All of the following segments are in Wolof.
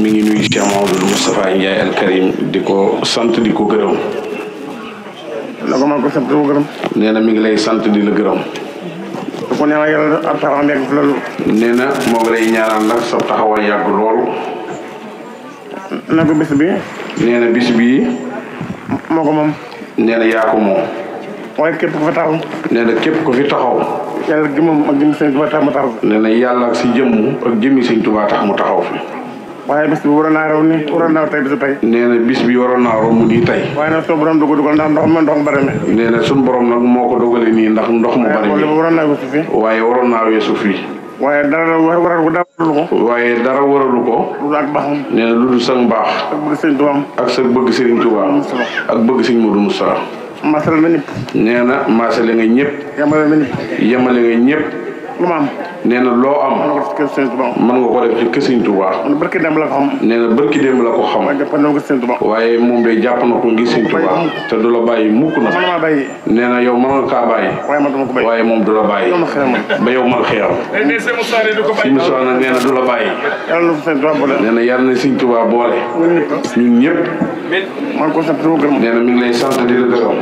mi ngi nuyu Cheikh Mahamadou Moustapha Ndiaye Al Karim di ko sant di ko gërëm. na ko maa nee na mi ngi lay sant di la gërëm. su ko ñaanal yàlla ab taxawam na moo ngi lay ñaanal nag sa taxawa yàgg lool na ko bis bi. nee bis bii. moo ko moom. nee na yaa ko moom. waaye képp ku fi taxaw. nee képp ku fi taxaw. yàlla ak jëmmam ak jëmmi sëñ Tuubaa tax nee na yàlla si jëmm ak jëmmi sëñ Tuubaa tax mu taxaw fi. waaye bis bi war naa raw ni waroon naa tey bisu tey nee na bis bi waroon naa raw mu di tey waaye nag suñu borom du ma ndox mu bëri mi nee na suñu borom nag moo ko dogale nii ndax ndox mu bëri mi waroon naa weesu fii waaye waroon naa weesu fii waaye dara waral ko dara waralu waaye dara waralu ko loolu ak baaxam nee na lu dul sa baax ak bëgg sëñ Tuubaa ak sa bëgg sëriñ Tuubaa ak bëgg sëñ Modou Moussa maasale na ñëpp na maasale nga ñëpp yemale na ñëpp yemale lu ma am. na loo am. mën nga ko def ci kër Sëriñ Tuubaa. mën nga ko def la ko xam. nee na barki démb la ko xam. waaye moom day jàpp ko ngir Sëriñ Tuubaa. te du nee na yow mënoon kaa bàyyi. waaye moom du la bàyyi. ba yow man xeeram. si Moussa nag nee na du la bàyyi. nee na yàlla na Sëriñ Tuubaa boole. ñun ñëpp. nee na mi ngi lay la gërëm.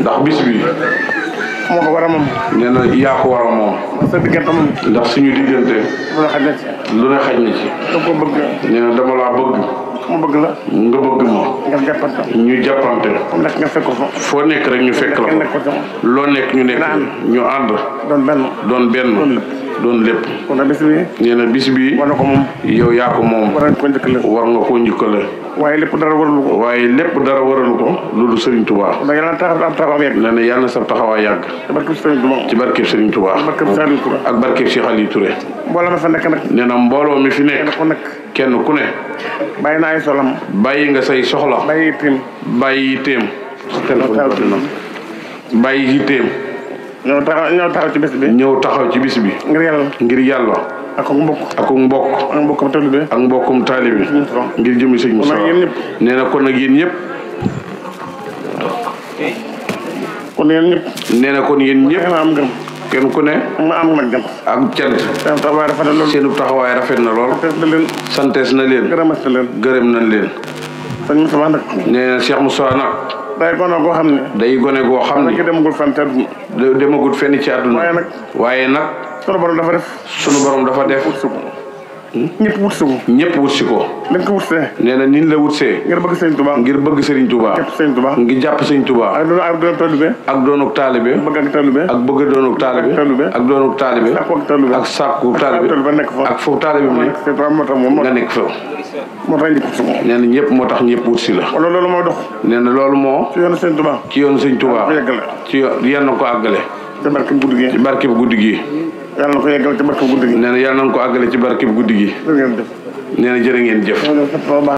ndax bis moo ko war a moom. nee na yaa ko war a moom. sa diggante suñu diggante. lu ne xaj na ci. lu ne xaj na ci. da koo bëgg. nee na dama laa bëgg. mu bëgg la. nga bëgg ma. nga jàppante. ñu jàppante. nekk nga foo nekk rek ñu fekk la ko. loo nekk ñu nekk. ñu ànd. doon benn doon benn. doon lépp. kon nag bis bi. nee na bi. war ko moom. yow yaa ko moom. war nga koo njëkkale. war nga koo njëkkale. waaye lépp dara waralu ko. waaye lépp dara waralu ko. loolu Serigne yàlla na taxawaay yàgg. sa taxawaay yàgg. ci barkeb Serigne Touba. ci barkeb Serigne Touba. ak barkeb Cheikh Aliou Touré. mbooloo mi fa nekk nag. nee na mbooloo mi fi nekk. kenn ku ne. bàyyi naa ay solam. bàyyi nga say soxla. bàyyi itteem. bàyyi itteem. bàyyi itteem. ñëw taxaw ñëw taxaw ci bis bi. ñëw taxaw ci bis bi. ngir yàlla. ngir ak mbokk ak mbokk. ak mbokkum taalibe. ak mbokkum taalibe. ngir jëmi sëñ Moussa. nee na kon nag yéen ñëpp. kon yéen ñëpp. nee na kon yéen ñëpp. am ngëm. kenn ku ne. ma am nag dem. ak cant. seen taxawaay rafet na lool. taxawaay rafet na lool. santees na leen. santees na leen. gërëmas na leen. gërëm nañ leen. sëñ Moussa nag. nee na Cheikh Moussa nag. day gone goo xam ne. day gone goo xam ne. demagul fenn ci àdduna. fenn ci àdduna. waaye nag. waaye nag. sunu borom dafa def. sunu borom dafa def. ñëpp wut ko. ñëpp wut si ko. lañ ko wutsee. nee na nin la wutsee. ngir bëgg Serigne Touba. ngir bëgg Serigne Touba. jàpp Serigne Touba. jàpp Serigne Touba. ak doonu ak doon taalibe. ak doonuk taalibe. bëgg ak taalibe. ak bëgg doonuk taalibe. ak doonuk taalibe. ak sàkku taalibe. ak foofu taalibe mu ne. nga nekk fa. moo tax ñëpp wut si ko. nee ñëpp moo tax ñëpp wut si la. wala loolu moo dox. nee na loolu moo. ci yoonu Serigne Touba. ci yoonu Serigne Touba. ci yoon yal na ko àggale. ci barke bu guddi gi. yàlla na ko yeggal ci barke bu guddi gi. nee na yàlla na ko àggale ci barke bu guddi gi. nee